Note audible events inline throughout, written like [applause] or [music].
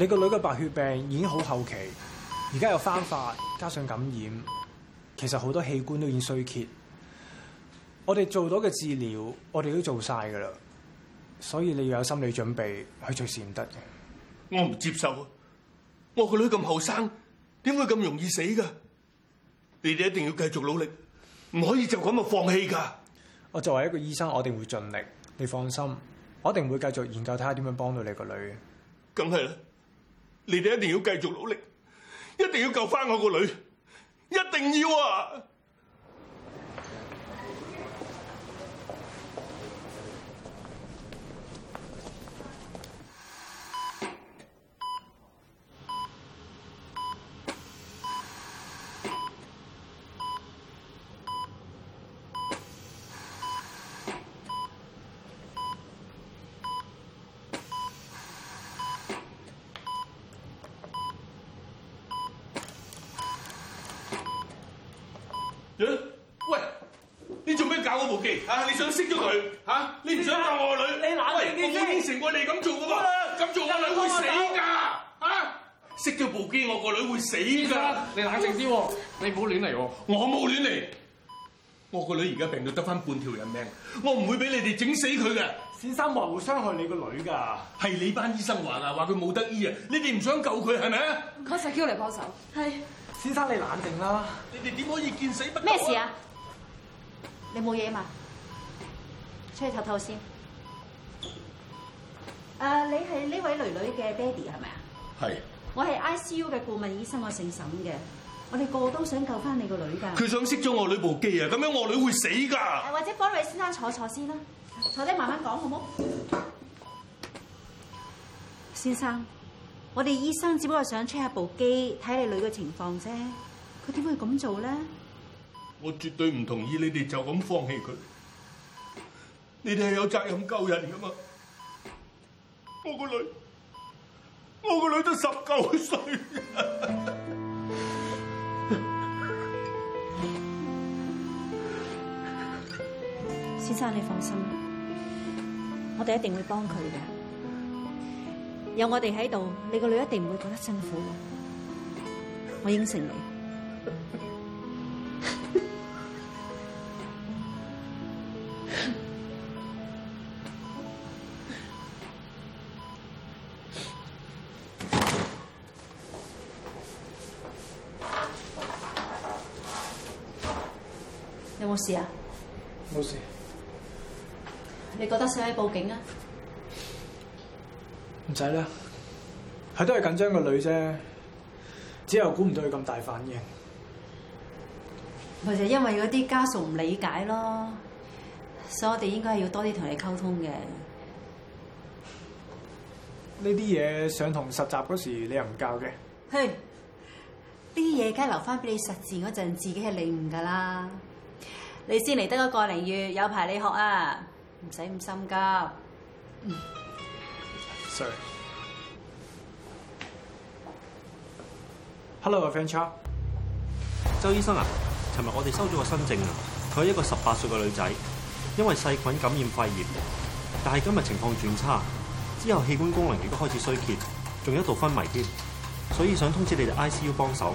你個女嘅白血病已經好後期，而家又翻發，加上感染，其實好多器官都已經衰竭。我哋做到嘅治療，我哋都做晒噶啦，所以你要有心理準備，佢隨時唔得嘅。我唔接受啊，我個女咁後生，點會咁容易死噶？你哋一定要繼續努力，唔可以就咁就放棄噶。我作為一個醫生，我一定會盡力，你放心，我一定會繼續研究睇下點樣幫到你個女。梗係啦。你哋一定要繼續努力，一定要救翻我個女，一定要啊！啊！你想熄咗佢嚇？先生，你唔想救我女？你冷靜，你已冇應承過你咁做噶噃，咁做我女會死噶嚇！熄咗部機，我個女會死噶！你冷靜啲喎，你唔好亂嚟喎，我冇亂嚟。我個女而家病到得返半條人命，我唔會俾你哋整死佢嘅。先生話會唔會傷害你個女噶？係你班醫生話啊，話佢冇得醫啊！你哋唔想救佢係咪？我實叫嚟幫手，係先生你冷靜啦，你哋點可以見死不救？咩事啊？你冇嘢嘛？出去 e c 透透先。誒，你係呢位囡囡嘅爹哋係咪啊？係。我係 ICU 嘅顧問醫生，我姓沈嘅。我哋個個都想救翻你個女㗎。佢想熄咗我女部機啊！咁樣我女會死㗎。或者幫位先生坐坐先啦，坐低慢慢講好冇？先生，我哋醫生只不過想 check 下部機，睇你女嘅情況啫。佢點會咁做咧？我絕對唔同意你哋就咁放棄佢。你哋係有責任救人㗎嘛？我個女，我個女都十九歲。先生，你放心，我哋一定會幫佢嘅。有我哋喺度，你個女一定唔會覺得辛苦。我應承你。冇事，啊。冇事，你覺得使唔使報警啊？唔使啦，佢都係緊張個女啫，之後估唔到佢咁大反應。咪就因為嗰啲家屬唔理解咯，所以我哋應該係要多啲同你溝通嘅。呢啲嘢上同實習嗰時候你又唔教嘅？嘿，呢啲嘢梗係留翻俾你實戰嗰陣自己係領悟噶啦你先嚟得個個零月，有排你學啊，唔使咁心急。嗯、Sorry。Hello，Frank Chow。周醫生啊，尋日我哋收咗個新症啊，佢係一個十八歲嘅女仔,因為細菌感染肺炎,但係今日情況轉差，之後器官功能亦都開始衰竭，仲一度昏迷添，所以想通知你哋 ICU 幫手。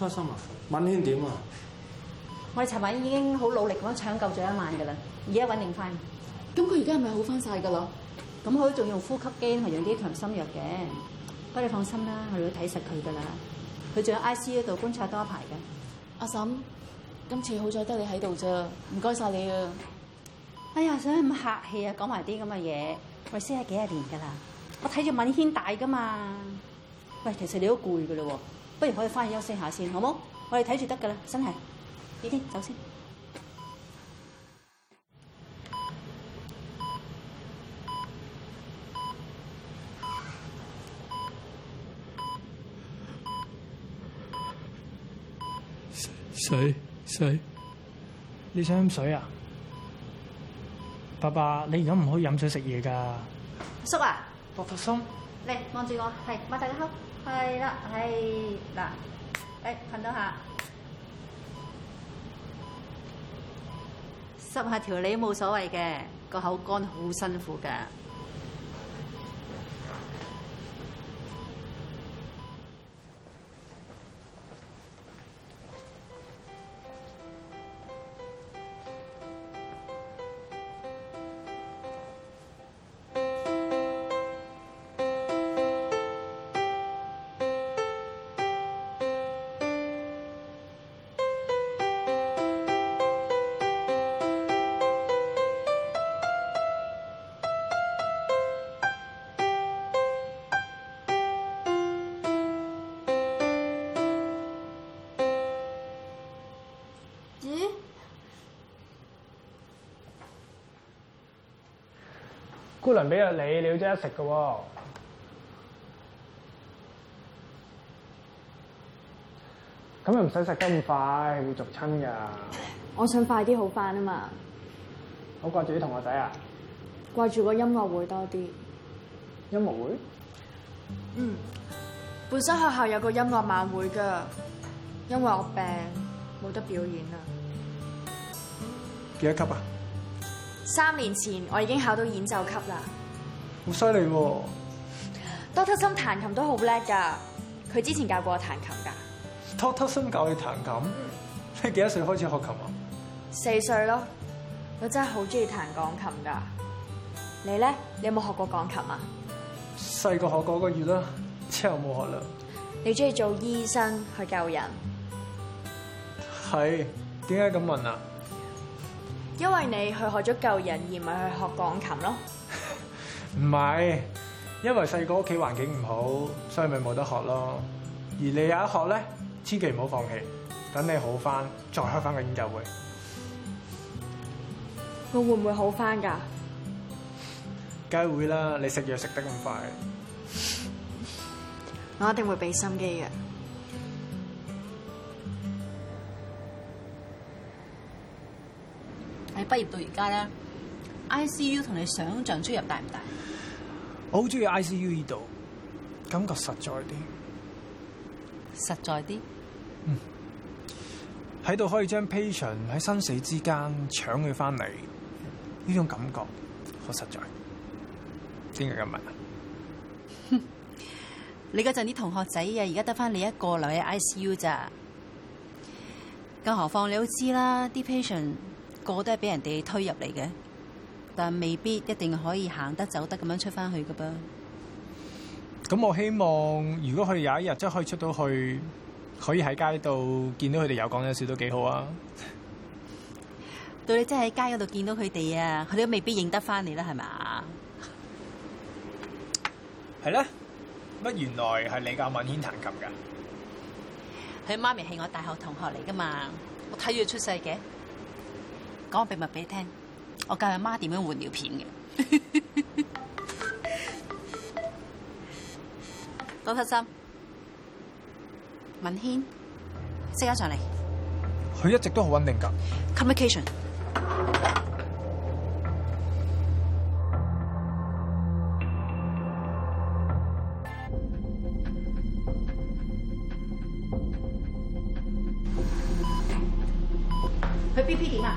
擔心啊！敏軒點啊？我哋尋晚已經好努力咁搶救咗一晚嘅啦，而家穩定翻。咁佢而家係咪好翻晒㗎咯？咁佢仲用呼吸機同用啲強心藥嘅。不過你放心啦，我哋睇實佢㗎啦。佢仲喺 ICU 度觀察多一排嘅。阿嬸，今次好彩得你喺度啫，唔該晒你啊！哎呀，想咁客氣啊？講埋啲咁嘅嘢，喂，先係幾十年㗎啦。我睇住敏軒大㗎嘛。喂，其實你都攰㗎嘞喎。不如我哋翻去休息下先，好冇？我哋睇住得噶啦，真係。你天先走先。水水，你想飲水啊？爸爸，你而家唔可以飲水食嘢噶。叔啊！我柏松，嚟望住我，係擘大個口。係啦，係嗱，哎，睇到下，濕下條脷冇所謂嘅，個口乾好辛苦噶。姑娘俾咗你，你要即刻食喎。咁又唔使食咁快，會俗親噶。我想快啲好翻啊嘛！好掛住啲同學仔啊？掛住個音樂會多啲。音樂會？嗯，本身學校有個音樂晚會噶，因為我病，冇得表演啊。幾多級啊？三年前我已經考到演奏級啦，好犀利喎！Dr. Sum 彈琴都好叻㗎，佢之前教過我彈琴㗎。Dr. Sum 教你彈琴，嗯、你幾多歲開始學琴啊？四歲咯，我真係好中意彈鋼琴㗎。你咧，你有冇學過鋼琴啊？細個學嗰個月啦，之後冇學啦。你中意做醫生去救人？係，點解咁問啊？因為你去學咗救人，而唔係去學鋼琴咯。唔係， [laughs] 因為細個屋企環境唔好，所以咪冇得學咯。而你有一學咧，千祈唔好放棄，等你好翻再開翻個演奏會。我會唔會好翻㗎？梗係會啦！你食藥食得咁快，我一定會俾心機嘅。你畢業到而家咧，ICU 同你想像出入大唔大？我好中意 ICU 呢度，感覺實在啲，實在啲。嗯，喺度可以將 patient 喺生死之間搶佢返嚟，呢種感覺好實在。點解咁問啊？ [laughs] 你嗰陣啲同學仔啊，而家得返你一個留喺 ICU 咋？更何況你都知啦，啲 patient。個都係俾人哋推入嚟嘅，但未必一定可以行得走得咁樣出翻去噶噃。咁我希望，如果佢有一日真係可以出到去，可以喺街度見到佢哋有講有笑都幾好啊、嗯。到你真係喺街嗰度見到佢哋啊，佢都未必認得翻你啦，係咪？係咧， [laughs] [laughs] 乜原來係你教敏軒彈琴噶？佢媽咪係我大學同學嚟噶嘛，我睇住佢出世嘅。講個秘密俾你聽，我教阿媽點樣換尿片嘅。Dr. Sum，敏軒，即刻上嚟。佢一直都好穩定噶。Communication 易。佢 B P 點啊？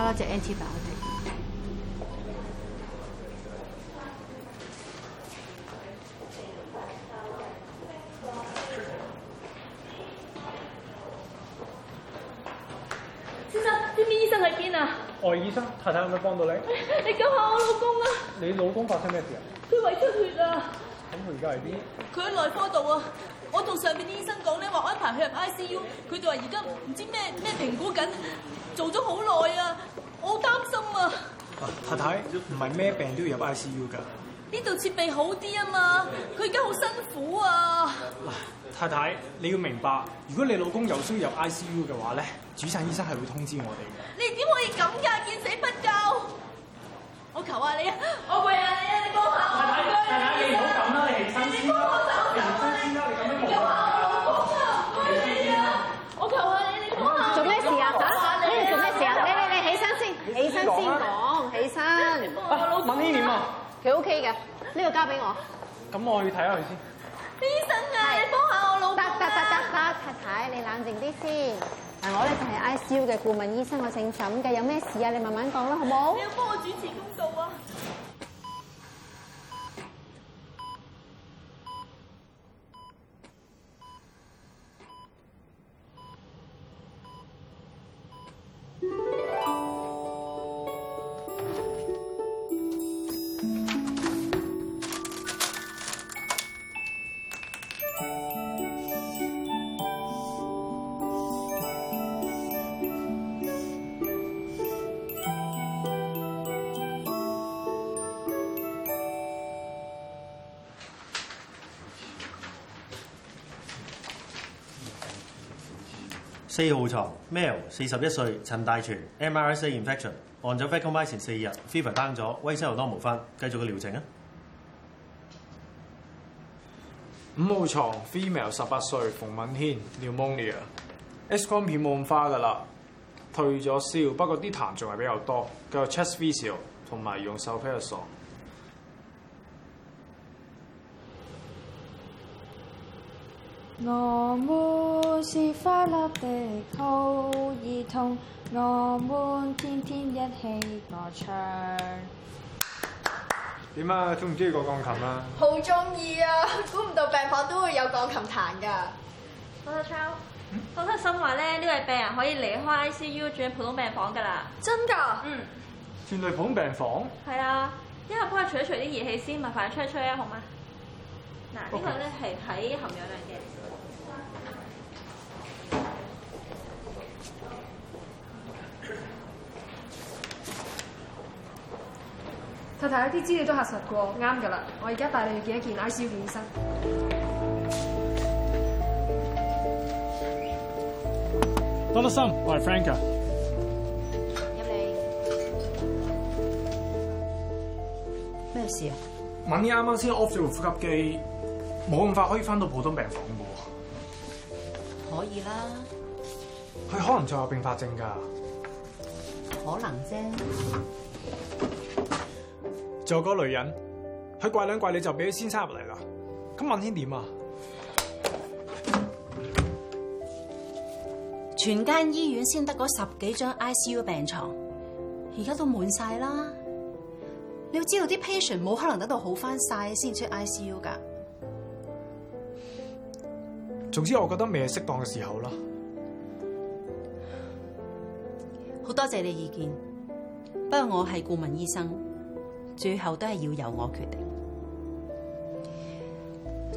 我 nt 先生，邊邊醫生喺邊啊？外、哦、醫生，太太有冇可幫到你？你救下我老公啦！你老公發生咩事啊？佢胃出血啊！咁佢而家喺邊？佢喺內科度啊！我同上面啲醫生講咧話安排佢入 ICU，佢哋話而家唔知咩咩評估緊。做咗好耐啊！我好擔心啊！太太，唔係咩病都要入 ICU 噶。呢度設備好啲啊嘛，佢而家好辛苦啊！嗱，太太，你要明白，如果你老公有需要入 ICU 嘅話咧，主診醫生係會通知我哋嘅。你點可以咁噶？見死不救！我求下你啊！我跪下你啊！你幫下我！太太。呢個交俾我，咁我去睇下佢先。醫生啊，是 你幫下我老闆啊！得得得得得，太太，你冷靜啲先。嗱，我咧就係 I C U 嘅顧問醫生，我姓沈嘅，有咩事啊？你慢慢講啦，好唔好？你要幫我主持公道。四號床 male 四十一歲，陳大全，M R S A infection，on 咗 vancomycin 前四日，fever down 咗，威西喉多冇翻，繼續個療程啊。五號床 female 十八歲，馮敏軒 pneumonia，X 光片冇咁花噶啦，退咗燒，不過啲痰仲係比較多，繼續 chest physio 同埋用手機去掃。我們是快樂的，好兒童，我們天天一起歌唱。點啊，中唔中意個鋼琴，很喜歡啊？好中意啊！估唔到病房都會有鋼琴彈噶。阿超，Sum 醫生話咧，呢位病人可以離開 ICU 住喺普通病房噶啦。真噶？嗯。轉、去、普通病房。係、嗯、啊，因為幫佢除一除啲熱氣先，咪快吹一吹啊，好嗎？嗱、啊，這個、呢個咧係喺含氧量嘅。太太，啲資料都核實過，啱噶啦。我而家帶你去見一件 ICU 嘅醫生。Dr. Sum，我係 Frank。入嚟。咩事啊？問啲啱啱先 off 呼吸機，冇咁快可以翻到普通病房嘅喎。可以啦。佢可能就有併發症㗎。可能啫。仲有嗰女人，佢怪兩怪你，就俾佢先生入嚟啦。咁敏軒點啊？全間醫院先得嗰十幾張 ICU 病床，而家都滿晒啦。你要知道啲 patient 冇可能等到好翻晒先出 ICU 噶。總之，我覺得未係適當嘅時候啦。好多謝你意見，不過我係顧問醫生。最後都係要由我決定。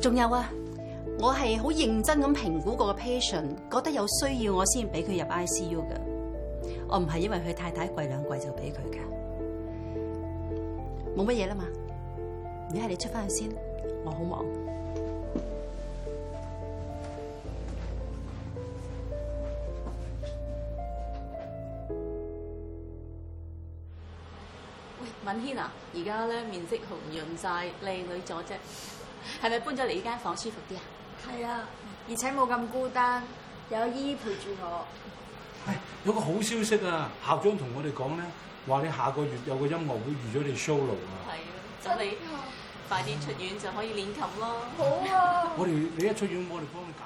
仲有啊，我係好認真咁評估個 patient，覺得有需要我先俾佢入 ICU 噶。我唔係因為佢太太跪兩跪就俾佢噶。冇乜嘢啦嘛。而家你出翻去先，我好忙。阿軒啊，而家咧，面色紅潤曬，靚女咗啫。係咪搬咗嚟呢間房舒服啲啊？係啊，而且冇咁孤單，有姨姨陪住我。係，有個好消息啊！校長同我哋講咧，話你下個月有個音樂會，預咗你 solo 啊。係啊，就你快啲出院就可以練琴咯。好啊， [laughs] 我哋你一出院，我哋幫你搞。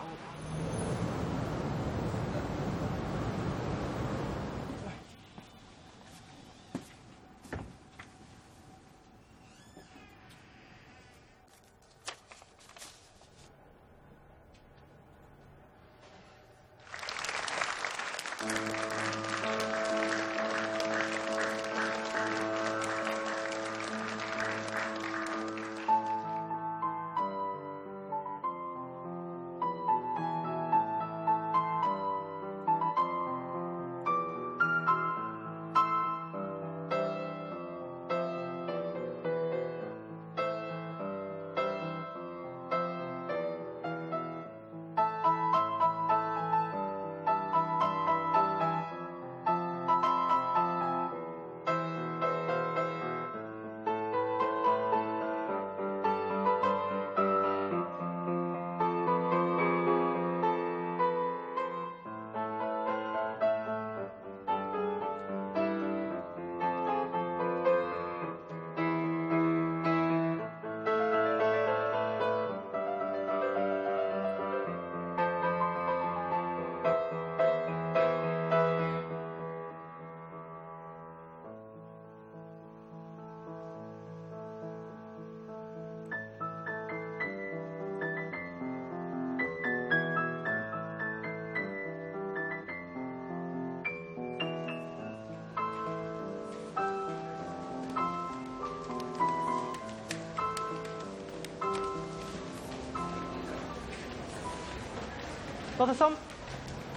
多德特森，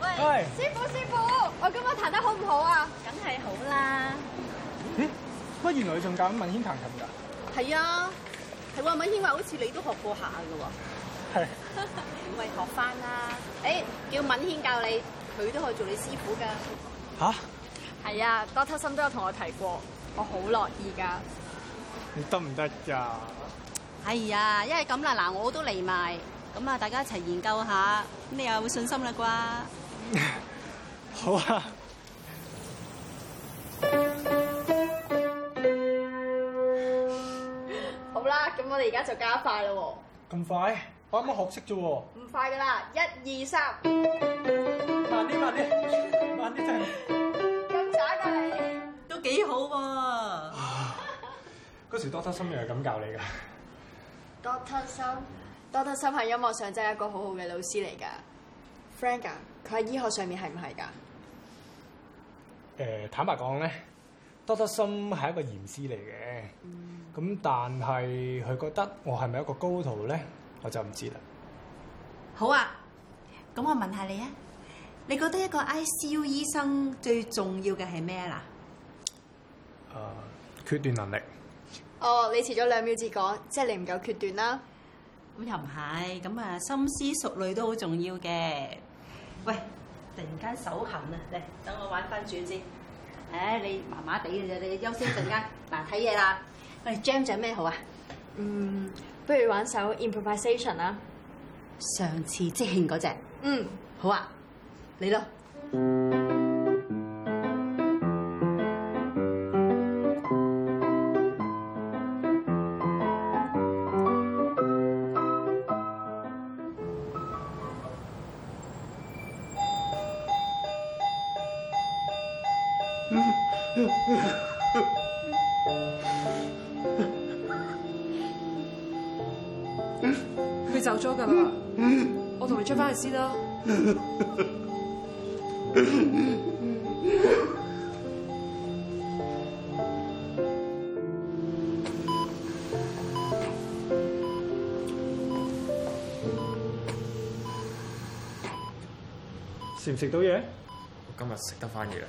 喂，喂師傅師傅，我今晚彈得好唔好，好的啊？梗係好啦。咦？乜原來仲教敏軒彈琴噶？係啊，係喎，敏軒話好似你都學過一下噶喎。係、啊。點會 [laughs] 學翻啦？誒、欸，叫敏軒教你，佢都可以做你師傅噶。吓？係啊，多、啊、德特森都有同我提過，我好樂意噶。你得唔得噶？係啊，一係咁啦，嗱，我都嚟埋。咁啊，大家一齊研究下，咁你又會信心啦啩？ [laughs] 好啊！ [laughs] 好啦、啊，咁我哋而家就加快咯喎、啊！咁快？啊、我啱啱學識啫喎！唔快噶啦，一二三，慢啲，慢啲，慢啲就咁耍噶你，都幾好喎、啊！嗰 [laughs] [laughs] 時 Dr. Sum 又係咁教你噶，Dr. Sum 多德森喺音樂上真係一個好好嘅老師嚟噶，Frank 佢喺醫學上面係唔係噶？誒，坦白講咧，多德森係一個嚴師嚟嘅，咁、嗯、但係佢覺得我係咪一個高徒咧，我就唔知啦。好啊，咁我問下你啊，你覺得一個 ICU 醫生最重要嘅係咩啦？誒、呃，決斷能力。哦，你遲咗兩秒至講，即係你唔夠決斷啦。咁又唔係，咁啊深思熟慮都好重要嘅。喂，突然間手痕啊，嚟，等我玩翻轉先。誒，你麻麻地嘅啫，你休息陣間。嗱， [laughs] 睇嘢啦。喂，Jam 咩好啊？嗯，不如玩首 Improvisation 啦、啊。上次即興嗰隻。嗯，好啊，你咯。嗯佢走咗噶啦，我同你出翻去先啦。食唔食到嘢？我今日食得翻嘢啦。